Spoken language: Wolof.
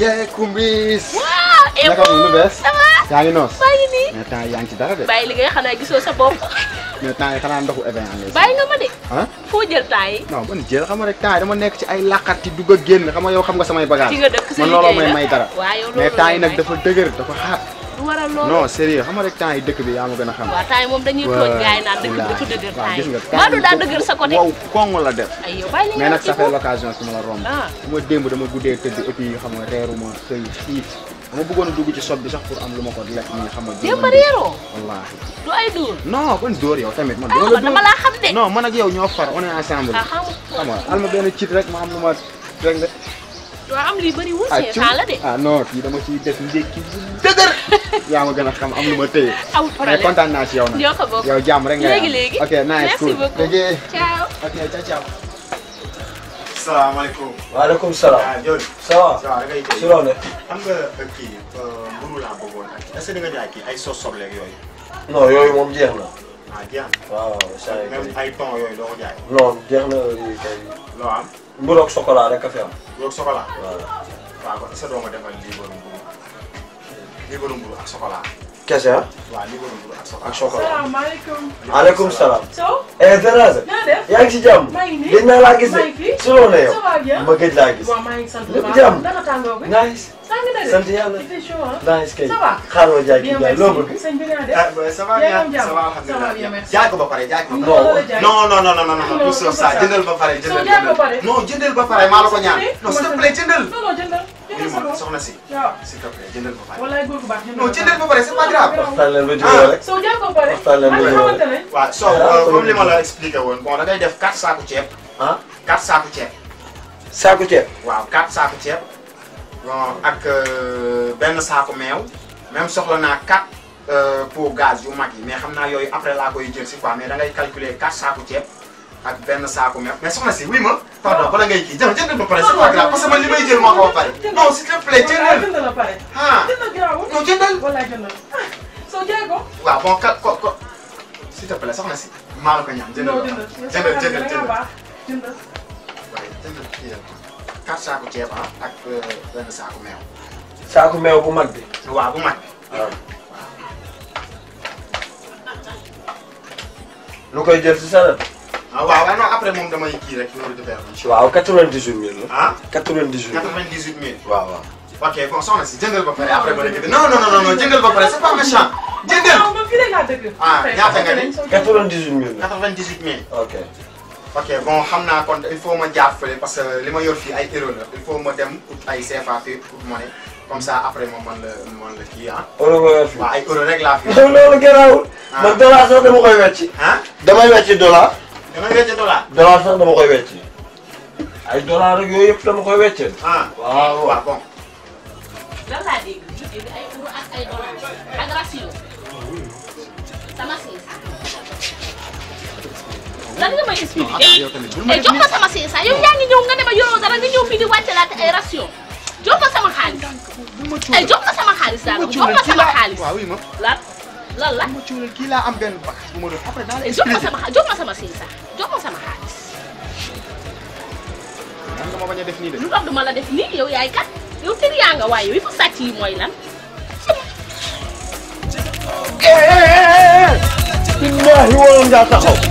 yee kumbis. waaw naka mu lu bees. ça noos. maa ngi nii mais temps yaa ngi ci dara de. bàyyi li ngay xanaa gisoo sa bopp. mais temps yi xanaa ndoxu événement ngay. bàyyi nga ma de. ah jël temps man jël xam rek temps yi dama nekk ci ay làqati dugg a génn xam nga yow xam nga samay bagage. ci nga dëkk man looloo may may dara. waaw yow mais temps yi nag dafa dëgër dafa xaar. lu waral loolu. non sérieux xam nga rek temps yi dëkk bi yaa ma gën a xam. waaw temps yi moom dañuy tooñ gars yi naan dëkk bi dafa dëgër temps yi. waaw gis nga dëgër sa côté. waaw kong la def. ay yow bàyyi mais nag ça fait l'occasion su ma la romb. Ah. su ma démb a dugg ci sob bi sax pour am lu ko lekk ñu xam nga. démb réeroo wallaahi. du ay dóor. non kon dóor ma am lu ma rek nga. waaw am lii bëri wul. ah la de. ah non fii dama ciy def ndékki bu dëgër. yaa ma gën a xam am lu ma téye. aw problème naa si yow nag. léegi léegi ok nice cool léegi. ciao ok ciao ciao. salaamaaleykum. waaleykum salaam. waaw ah, Diop. ça euh, euh, mburu laa bëggoon nag est ay sos soble ak yooyu. non yooyu moom jeex na. ah jeex na. yooyu doo ko jaay. mburu ak chocolat rek a fi am. mburu ak chocolat. waaw defal lii borom mburu. liibaru mburu ak chocolat. kese ah. waaw liibaru mburu ak chocolat. ak la eh, yow. ma gëj laa gis. waaw maa ngi sant bu baax jàmm. Ah, ba pare jaay ko ba pare. non non moom soxna si. waaw s'il te plaît jëndal ba pare. walaay góor bu pare c'est pas grave. waxtaan leen ba ah. jubóo rek. soo jël ko pare ba jubóo rek. Euh, li ma la expliqué woon bon da ngay def 4 saako ceeb. ah 4 saako ceeb. saako ceeb. waaw 4 saako ceeb. bon ak euh, benn saako meew. même soxla naa 4 euh, pots gaz yu mag yi mais xam naa yooyu après laa koy jël si quoi mais da calculer 4 saako ceeb. ak benn saako meew mais soxna si wuy ma. pardon bala ngay kii jënd jënd ba pare c'est pas grave parce que man li may jël moo ko ba pare. non s'il te plaît jëndal ah, ah non jëndal. Ah, soo jëlee ko. waaw bon ka ko ko s'il te plaît soxna si. maa la ko ñaan jëndal ba pare jëndal jëndal jëndal. waaye jëndal kii rek quatre saako ceeb ah, ak euh, benn saako meew. saako meew bu mag bi. waaw bu mag bi waaw. lu koy jël si sa ah waaw waaw non après moom damay kii rek numéro de verre. waaw 98000 la. ah 98000. 98000 waaw waaw. ok kon soxna si jëngal ba pare après ba léegi non non non non non non fii rek laa dëgg. ah ñaata nga ni 98000 la 98000. ok. ok bon xam naa il faut ma jàppale parce que li ma yor fii ay euro la il faut ma dem ay CFA fii pour ma ne comme ça après moom man la man la kii ah. euro nga yor fii waaw ay euro rek laa fi. loolu gënaaw. ah man dollar sax dama koy wecc. ah damay wecc dollar. damay a dollar. dollar koy wecc. ay dollar rek yooyu yëpp dama koy wecc. ah waaw waaw bon. lan laa ay euro ak ay dollar ak eh, eh, ratio siis. Eh, lan nga may expliquer. jox ma sama siis yow yaa ngi ñëw nga ne ma yoroo dara nga ñëw fii di wàccalaate ay ratio. jox ma sama xaalis. ay jox ma sama xaalis daal jox ma xaalis. lan. lan la ma cuuleel kii laa am benn bagage bu ma doon après daal jox ma sama jox ma sama siin sax jox ma sama xaalis. lu tax du la def nii yow yaay kat yow tër yaa nga waaye yow yi fa yi mooy lan. Eh, eh, eh, billahi waroon ngaa taxaw.